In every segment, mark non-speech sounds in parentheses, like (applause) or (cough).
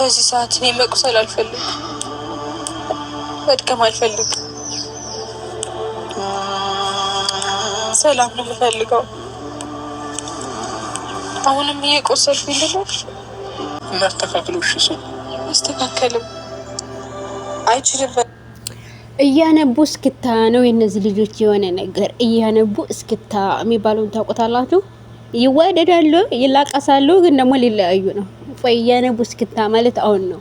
በዚህ ሰዓት እኔ መቁሰል አልፈልግ መድከም አልፈልግ። ሰላም ነው የምፈልገው። አሁንም እየቆሰልሽ ቢልኖር እናስተካክለው። እሺ፣ አስተካከልም አይችልም። እያነቡ እስክታ ነው የእነዚህ ልጆች የሆነ ነገር እያነቡ እስክታ የሚባለውን ታውቁታላችሁ። ይዋደዳሉ፣ ይላቀሳሉ፣ ግን ደግሞ ሊለያዩ ነው። ቆየነ ቡስክታ ማለት አሁን ነው።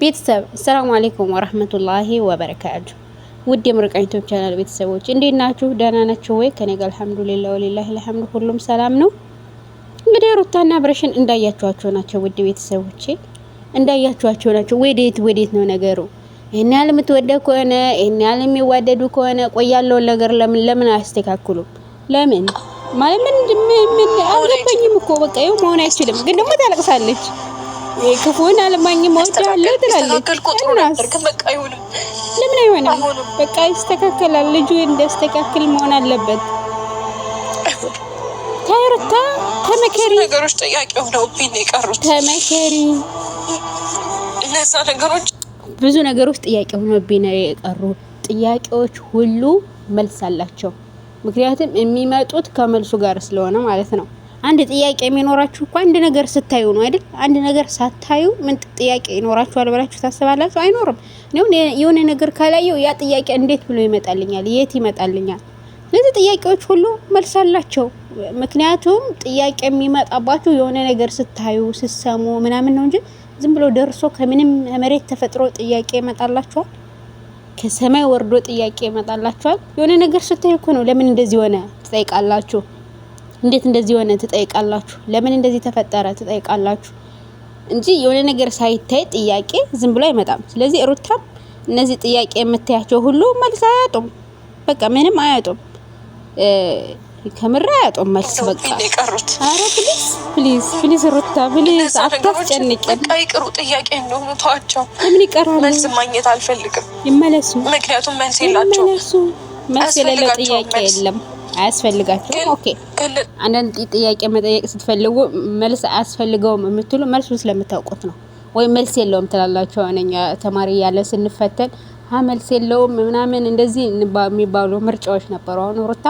ቤተሰብ አሰላሙ አሌይኩም ወረህመቱላሂ ወበረካቱ። ውድ የምርቃኝ ቻናል ቤተሰቦች እንዴት ናችሁ? ደህና ናችሁ ወይ? ከኔ ጋር አልሐምዱሊላ ወሊላሂ ልሐምዱ ሁሉም ሰላም ነው። እንግዲህ ሩታና አብርሽን እንዳያችኋቸው ናቸው። ውድ ቤተሰቦቼ እንዳያችኋቸው ናቸው። ወዴት ወዴት ነው ነገሩ? ይህን ያህል የምትወደው ከሆነ ይህን ያህል የሚዋደዱ ከሆነ ቆይ ነገር ለምን ለምን አያስተካክሉም? ለምን ማለት ምን ምን አልገባኝም እኮ በቃ ይኸው መሆን አይችልም። ግን ደግሞ ታለቅሳለች ክፉን አለማኝም እወዳለሁ ትላለች። ለምን አይሆንም? በቃ ይስተካከላል። ልጁ እንዲያስተካክል መሆን አለበት። ተርታ ተመከሪ፣ ነገሮች ጥያቄ ሆነውብኝ ነው የቀሩት። ተመከሪ፣ እነዛ ነገሮች ብዙ ነገሮች ጥያቄ ሆነብኝ ነው የቀሩ። ጥያቄዎች ሁሉ መልስ አላቸው። ምክንያቱም የሚመጡት ከመልሱ ጋር ስለሆነ ማለት ነው። አንድ ጥያቄ የሚኖራችሁ እኮ አንድ ነገር ስታዩ ነው አይደል? አንድ ነገር ሳታዩ ምን ጥያቄ ይኖራችኋል ብላችሁ ታስባላችሁ? አይኖርም። እኔ የሆነ ነገር ካላየው ያ ጥያቄ እንዴት ብሎ ይመጣልኛል? የት ይመጣልኛል? እነዚህ ጥያቄዎች ሁሉ መልስ አላቸው። ምክንያቱም ጥያቄ የሚመጣባችሁ የሆነ ነገር ስታዩ፣ ስሰሙ ምናምን ነው እንጂ ዝም ብሎ ደርሶ ከምንም መሬት ተፈጥሮ ጥያቄ ይመጣላችኋል። ከሰማይ ወርዶ ጥያቄ ይመጣላችኋል። የሆነ ነገር ስታዩ እኮ ነው ለምን እንደዚህ ሆነ ትጠይቃላችሁ። እንዴት እንደዚህ የሆነ ትጠይቃላችሁ፣ ለምን እንደዚህ ተፈጠረ ትጠይቃላችሁ እንጂ የሆነ ነገር ሳይታይ ጥያቄ ዝም ብሎ አይመጣም። ስለዚህ ሩታም እነዚህ ጥያቄ የምታያቸው ሁሉ መልስ አያጡም። በቃ ምንም አያጡም። ከምራ አያጡም መልስ። በቃ አረ ፕሊዝ ፕሊዝ ሩታ ፕሊዝ ይቅሩ ጥያቄ እንደሆኑ ተዋቸው። ምን መልስ ማግኘት አልፈልግም። ይመለሱ። ምክንያቱም መልስ የላቸው። መልስ የሌለው ጥያቄ የለም። አያስፈልጋቸውም። ኦኬ አንዳንድ ጥያቄ መጠየቅ ስትፈልጉ መልስ አያስፈልገውም የምትሉ መልሱን ስለምታውቁት ነው። ወይም መልስ የለውም ትላላችሁ። እኛ ተማሪ ያለን ስንፈተን ሀ መልስ የለውም ምናምን እንደዚህ የሚባሉ ምርጫዎች ነበሩ። አሁን ሩታ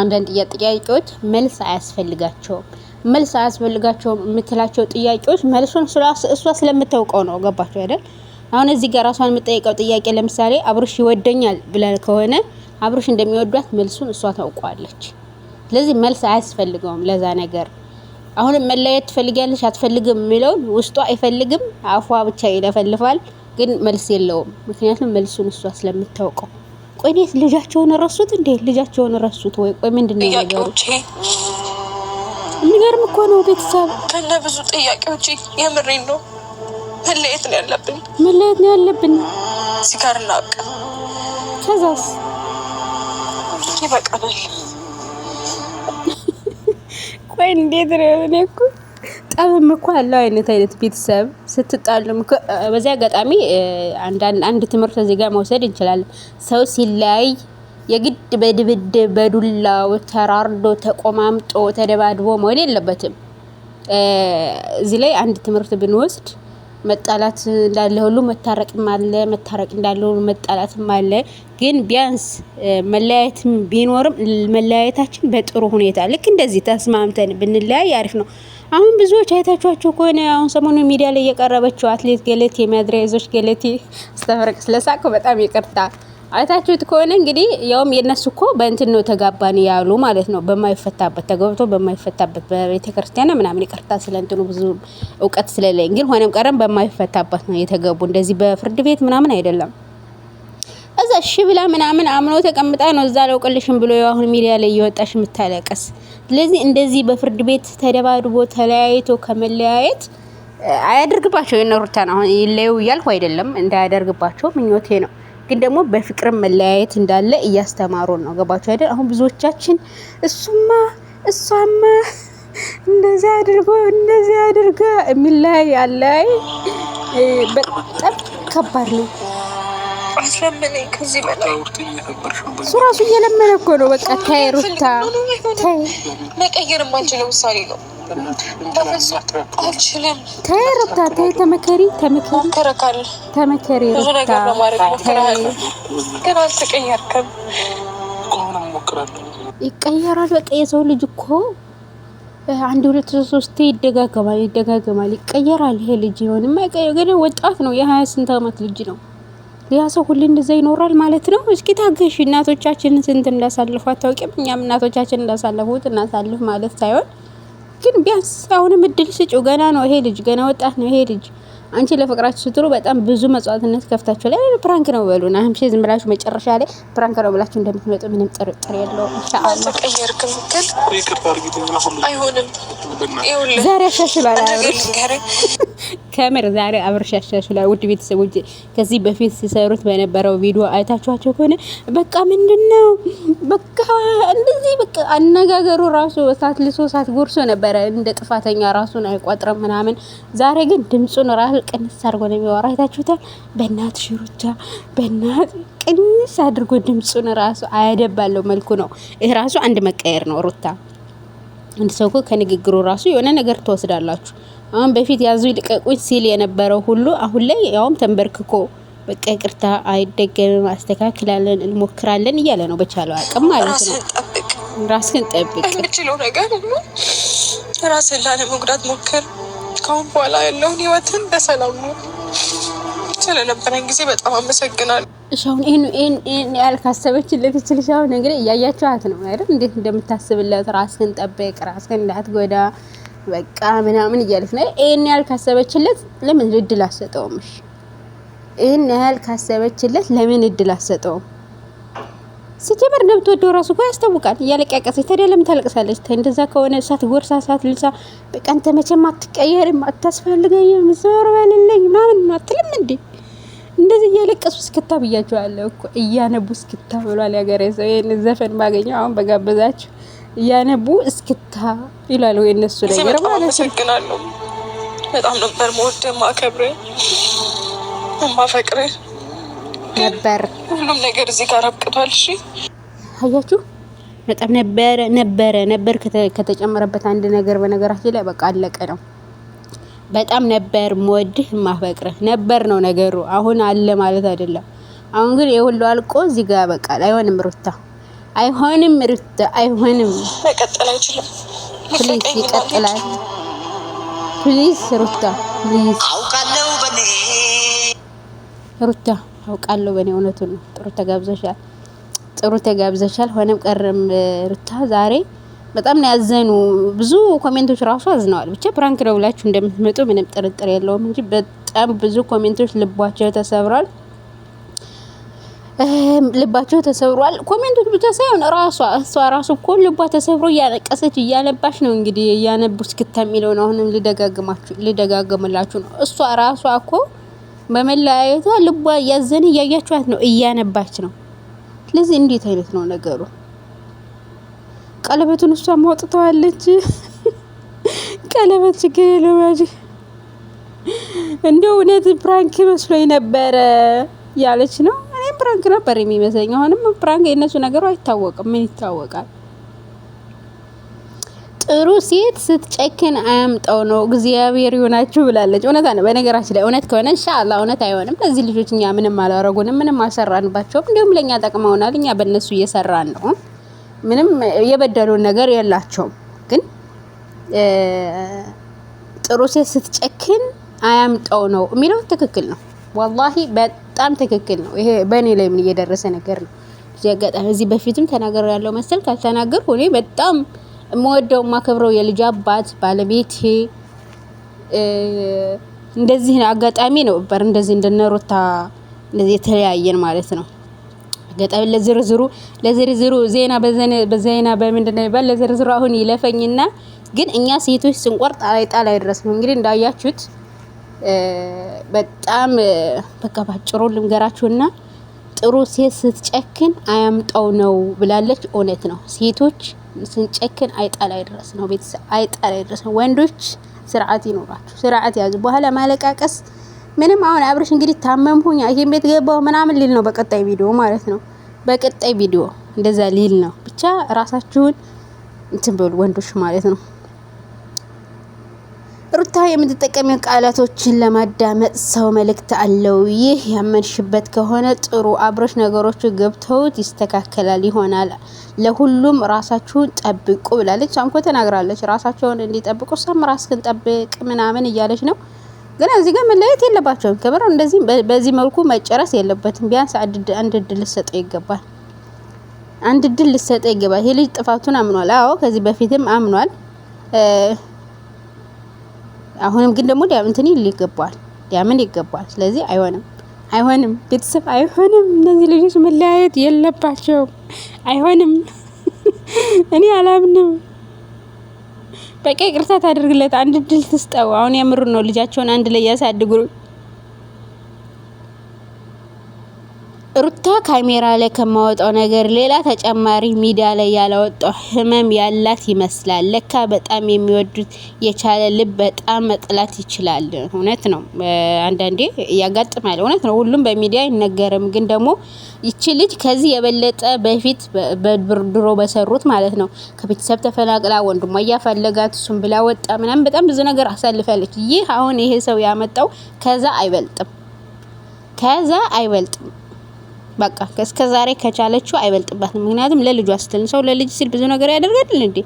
አንዳንድ ጥያቄዎች መልስ አያስፈልጋቸውም መልስ አያስፈልጋቸውም የምትላቸው ጥያቄዎች መልሱን እሷ ስለምታውቀው ነው። ገባቸው አይደል? አሁን እዚህ ጋር ራሷን የምጠይቀው ጥያቄ ለምሳሌ አብርሽ ይወደኛል ብለን ከሆነ አብሮሽ እንደሚወዷት መልሱን እሷ ታውቋለች። ስለዚህ መልስ አያስፈልገውም ለዛ ነገር። አሁንም መለየት ትፈልጊያለሽ አትፈልግም የሚለውን ውስጧ አይፈልግም፣ አፏ ብቻ ይለፈልፋል፣ ግን መልስ የለውም። ምክንያቱም መልሱን እሷ ስለምታውቀው። ቆይ ልጃቸውን ረሱት እንዴ? ልጃቸውን ረሱት ወይ? ቆይ ምንድን ነው ነገሩ? የሚገርም እኮ ነው ቤተሰብ ከነ ብዙ ጥያቄዎች። የምሬን ነው መለየት ነው ያለብን፣ መለየት ነው ያለብን። ሲጋር ላቅ ከዛስ ይበቃናል። ቆይ እንዴት ነው? እኔ እኮ ጠብም እኮ ያለው አይነት አይነት ቤተሰብ ስትጣሉም በዚህ አጋጣሚ አንድ ትምህርት እዚህ ጋር መውሰድ እንችላለን። ሰው ሲለያይ የግድ በድብድብ በዱላው ተራርዶ ተቆማምጦ ተደባድቦ መሆን የለበትም። እዚህ ላይ አንድ ትምህርት ብንወስድ መጣላት እንዳለ ሁሉ መታረቅም አለ። መታረቅ እንዳለ ሁሉ መጣላትም አለ። ግን ቢያንስ መለያየትም ቢኖርም መለያየታችን በጥሩ ሁኔታ ልክ እንደዚህ ተስማምተን ብንለያይ አሪፍ ነው። አሁን ብዙዎች አይታችኋቸው ከሆነ አሁን ሰሞኑን ሚዲያ ላይ የቀረበችው አትሌት ገለቴ መድሪያ ገለቴ ስተፈረቅ ስለሳቀው በጣም ይቅርታ አይታችሁት ከሆነ እንግዲህ ያውም የነሱ እኮ በእንትን ነው ተጋባን ያሉ ማለት ነው። በማይፈታበት ተገብቶ በማይፈታበት በቤተ ክርስቲያን ምናምን ይቅርታ ስለ እንትኑ ብዙ እውቀት ስለሌለኝ ግን ሆነም ቀረም በማይፈታበት ነው የተገቡ። እንደዚህ በፍርድ ቤት ምናምን አይደለም። እዛ እሺ ብላ ምናምን አምኖ ተቀምጣ ነው እዛ ለውቅልሽም ብሎ አሁን ሚዲያ ላይ እየወጣሽ የምታለቀስ። ስለዚህ እንደዚህ በፍርድ ቤት ተደባድቦ ተለያይቶ ከመለያየት አያደርግባቸው የነሩታን አሁን ይለዩ እያልኩ አይደለም፣ እንዳያደርግባቸው ምኞቴ ነው። ግን ደግሞ በፍቅር መለያየት እንዳለ እያስተማሩ ነው። ገባችሁ አይደል? አሁን ብዙዎቻችን እሱማ እሷማ እንደዚህ አድርጎ እንደዚህ አድርጋ የሚለያይ አለያይ በጣም ከባድ ነው። እሱ ራሱ እየለመነ እኮ ነው። በቃ ተይ ሩታ ተይ፣ መቀየር የማንችለው ውሳኔ ነው። ተይ ሩታ ተይ፣ ተመከሪ ተመከሪ ተመከሪ ሩታ ይቀየራል። በቃ የሰው ልጅ እኮ አንድ ሁለት ሶስት ይደጋገማል ይደጋገማል፣ ይቀየራል። ይሄ ልጅ ይሆን የማይቀየር ግን ወጣት ነው፣ የሀያ ስንት አመት ልጅ ነው። ያ ሰው ሁሌ እንደዛ ይኖራል ማለት ነው። እስኪ ታገሽ። እናቶቻችንን ስንት እንዳሳልፉ አታውቂም። እኛም እናቶቻችን እንዳሳለፉት እናሳልፍ ማለት ሳይሆን ግን ቢያንስ አሁንም እድል ስጪው። ገና ነው ይሄ ልጅ ገና ወጣት ነው ይሄ ልጅ። አንቺ ለፍቅራችሁ ስትሉ በጣም ብዙ መጽዋዕትነት ከፍታችሁ ላይ ፕራንክ ነው በሉና አምሽ ዝም ብላችሁ መጨረሻ ላይ ፕራንክ ነው ብላችሁ እንደምትመጡ ምንም ጥርጥር የለው። ኢንሻአላህ ዛሬ አሻሽሏል። ከምር ዛሬ አብርሽ ላይ ውድ ቤተሰቦች ከዚህ በፊት ሲሰሩት በነበረው ቪዲዮ አይታችኋቸው ከሆነ በቃ ምንድን ነው በቃ እንደዚህ በቃ አነጋገሩ ራሱ እሳት ልሶ እሳት ጎርሶ ነበረ። እንደ ጥፋተኛ ራሱን አይቆጥርም ምናምን። ዛሬ ግን ድምፁን ራሱ ቅንስ አድርጎ ነው የሚወራ። አይታችሁታል። በእናት ሽሩቻ በእናት ቅንስ አድርጎ ድምፁን ራሱ አያደባለው መልኩ ነው። ይህ ራሱ አንድ መቀየር ነው። ሩታ አንድ ሰው እኮ ከንግግሩ ራሱ የሆነ ነገር ትወስዳላችሁ። አሁን በፊት ያዙ ይልቀቁኝ ሲል የነበረው ሁሉ አሁን ላይ ያውም ተንበርክኮ በቃ ይቅርታ አይደገምም፣ አስተካክላለን፣ እንሞክራለን እያለ ነው። በቻለው አቅም ማለት ነው። ራስህን ጠብቅ። የምችለው ነገር ራስህን ላለመጉዳት ሞክር። ካሁን በኋላ ያለውን ህይወትን በሰላም ነው። ስለነበረን ጊዜ በጣም አመሰግናለሁ። እሺ አሁን ይህን ይሄን ያህል ካሰበችለት ትችልሽ። አሁን እንግዲህ እያያችኋት ነው አይደል? እንዴት እንደምታስብለት ራስህን ጠብቅ፣ ራስህን እንዳትጎዳ በቃ ምናምን እያለች ነው። ይሄን ያህል ካሰበችለት ለምን እድል አሰጠውም? እሺ ይህን ያህል ካሰበችለት ለምን እድል አሰጠውም? ሲጀመር እንደምትወደው ራሱ እኮ ያስታውቃል። እያለቀቀሰች ታዲያ ለምን ታለቅሳለች? እንደዛ ከሆነ እሳት ጎርሳ እሳት ልሳ በቃ አንተ መቼም አትቀየርም፣ አታስፈልገኝም፣ ዞር በልልኝ ምናምን አትልም እንዴ? እንደዚህ እያለቀሱ እስክታ ብያቸዋለሁ እኮ እያነቡ እስክታ ብሏል ያገሬ ሰው። ይህን ዘፈን ባገኘው አሁን በጋበዛችሁ እያነቡ እስክታ ይላሉ። የእነሱ ነገር ማለት ነው። በጣም ነበር መወደ ማከብረ ማፈቅረ ነበር። ሁሉም ነገር እዚህ ጋር አብቅቷል። እሺ አያችሁ፣ በጣም ነበረ ነበረ ነበር ከተጨመረበት አንድ ነገር በነገራችን ላይ በቃ አለቀ ነው። በጣም ነበር መወድህ ማፈቅረ ነበር ነው ነገሩ። አሁን አለ ማለት አይደለም። አሁን ግን የሁሉ አልቆ እዚህ ጋር በቃ አይሆንም ሩታ አይሆንም ሩታ አይሆንም። ፕሊዝ ይቀጥላል። ፕሊዝ ሩታ በኔ ሩታ አውቃለሁ በኔ እውነቱን ነው። ጥሩ ተጋብዘሻል፣ ጥሩ ተጋብዘሻል። ሆነም ቀረም ሩታ ዛሬ በጣም ነው ያዘኑ። ብዙ ኮሜንቶች ራሱ አዝነዋል። ብቻ ፕራንክ ነው ብላችሁ እንደምትመጡ ምንም ጥርጥር የለውም እንጂ በጣም ብዙ ኮሜንቶች ልቧቸው ተሰብሯል። ልባቸው ተሰብሯል። ኮሜንቶች ብቻ ሳይሆን ራሷ እሷ ራሱ እኮ ልቧ ተሰብሮ እያለቀሰች እያነባች ነው። እንግዲህ እያነቡች ክታ የሚለው ነው። አሁንም ልደጋግምላችሁ ነው። እሷ ራሷ እኮ በመለያየቷ ልቧ እያዘን እያያችኋት ነው፣ እያነባች ነው። ስለዚህ እንዴት አይነት ነው ነገሩ? ቀለበቱን እሷ ማውጥተዋለች። (laughs) ቀለበት ችግር የለው እንደ እውነት ፕራንክ መስሎኝ ነበረ ያለች ነው። ፕራንክ ነበር የሚመስለኝ። አሁንም ፕራንክ የእነሱ ነገሩ አይታወቅም። ምን ይታወቃል? ጥሩ ሴት ስትጨክን አያምጠው ነው። እግዚአብሔር ይሆናችሁ ብላለች። እውነት ነው። በነገራችን ላይ እውነት ከሆነ እንሻላ እውነት አይሆንም። እነዚህ ልጆች እኛ ምንም አላረጉንም፣ ምንም አልሰራንባቸውም። እንዲሁም ለእኛ ጠቅመውናል። እኛ በእነሱ እየሰራን ነው። ምንም የበደሉን ነገር የላቸውም። ግን ጥሩ ሴት ስትጨክን አያምጠው ነው የሚለው ትክክል ነው። ወላሂ በጣም ትክክል ነው። ይሄ በእኔ ላይ ምን እየደረሰ ነገር ነው። እዚህ አጋጣሚ እዚህ በፊትም ተናገር ያለው መሰል ካልተናገር እኔ በጣም የምወደው የማከብረው የልጅ አባት ባለቤቴ እንደዚህ አጋጣሚ ነው በር እንደዚህ እንደነሮታ እንደዚህ የተለያየን ማለት ነው። አጋጣሚ ለዝርዝሩ ለዝርዝሩ ዜና በዜና በምንድን ነው ይባል ለዝርዝሩ አሁን ይለፈኝና ግን እኛ ሴቶች ስንቆርጥ ጣላይ ጣላይ ድረስ ነው እንግዲህ እንዳያችሁት በጣም በቃ ባጭሩ ልንገራችሁና ጥሩ ሴት ስትጨክን አያምጣው ነው ብላለች። እውነት ነው። ሴቶች ስንጨክን አይጣላይ ድረስ ነው ቤተሰብ አይጣላይ ድረስ ነው። ወንዶች ስርዓት ይኖራችሁ፣ ስርዓት ያዙ። በኋላ ማለቃቀስ ምንም። አሁን አብርሽ እንግዲህ ታመምሁኝ ይሄን ቤት ገባሁ ምናምን ሊል ነው በቀጣይ ቪዲዮ ማለት ነው። በቀጣይ ቪዲዮ እንደዛ ሊል ነው። ብቻ ራሳችሁን እንትን በሉ ወንዶች ማለት ነው። ሩታ የምትጠቀሚው ቃላቶችን ለማዳመጥ ሰው መልእክት አለው። ይህ ያመንሽበት ከሆነ ጥሩ አብሮች ነገሮቹ ገብተውት ይስተካከላል ይሆናል። ለሁሉም ራሳችሁን ጠብቁ ብላለች። አምኮ ተናግራለች። ራሳቸውን እንዲጠብቁ እሷም ራስህን ጠብቅ ምናምን እያለች ነው። ግን እዚህ ጋር መለየት የለባቸውም። ክብር እንደዚህ በዚህ መልኩ መጨረስ የለበትም። ቢያንስ አንድ ድል ልሰጠው ይገባል። አንድ ድል ልሰጠ ይገባል። ይሄ ልጅ ጥፋቱን አምኗል። አዎ ከዚህ በፊትም አምኗል። አሁንም ግን ደግሞ እንትን ይገባዋል፣ ዲያመንድ ይገባል። ስለዚህ አይሆንም፣ አይሆንም፣ ቤተሰብ አይሆንም። እነዚህ ልጆች መለያየት የለባቸውም። አይሆንም፣ (laughs) እኔ አላምንም። በቃ ይቅርታ ታደርግለት፣ አንድ ድል ትስጠው። አሁን የምሩ ነው ልጃቸውን አንድ ላይ ያሳድጉ። ሩታ ካሜራ ላይ ከማወጣው ነገር ሌላ ተጨማሪ ሚዲያ ላይ ያላወጣው ህመም ያላት ይመስላል። ለካ በጣም የሚወዱት የቻለ ልብ በጣም መጥላት ይችላል። እውነት ነው፣ አንዳንዴ ያጋጥማል። እውነት ነው፣ ሁሉም በሚዲያ አይነገርም። ግን ደግሞ ይቺ ልጅ ከዚህ የበለጠ በፊት በድሮ በሰሩት ማለት ነው ከቤተሰብ ተፈናቅላ ወንድሟ እያፈለጋት እሱም ብላ ወጣ ምናምን በጣም ብዙ ነገር አሳልፋለች። ይህ አሁን ይሄ ሰው ያመጣው ከዛ አይበልጥም፣ ከዛ አይበልጥም። በቃ እስከ ዛሬ ከቻለችው አይበልጥባትም። ምክንያቱም ለልጇ ስትል ሰው ለልጅ ሲል ብዙ ነገር ያደርጋል እንዴ።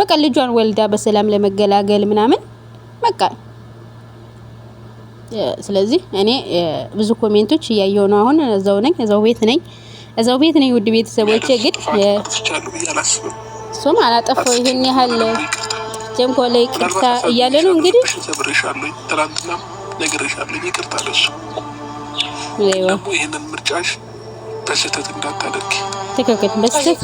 በቃ ልጇን ወልዳ በሰላም ለመገላገል ምናምን በቃ ስለዚህ እኔ ብዙ ኮሜንቶች እያየሁ ነው። አሁን እዛው ነኝ፣ እዛው ቤት ነኝ፣ እዛው ቤት ነኝ። ውድ ቤተሰቦቼ ግን እሱም አላጠፋው ይሄን ያህል ጀምኮ ላይ ቅርታ እያለ ነው እንግዲህ ትናንትና ነግሬሻለሁ። ይቅርታ ለሱ ይህንን ምርጫሽ በስህተት እንዳታደርጊ። ትክክል።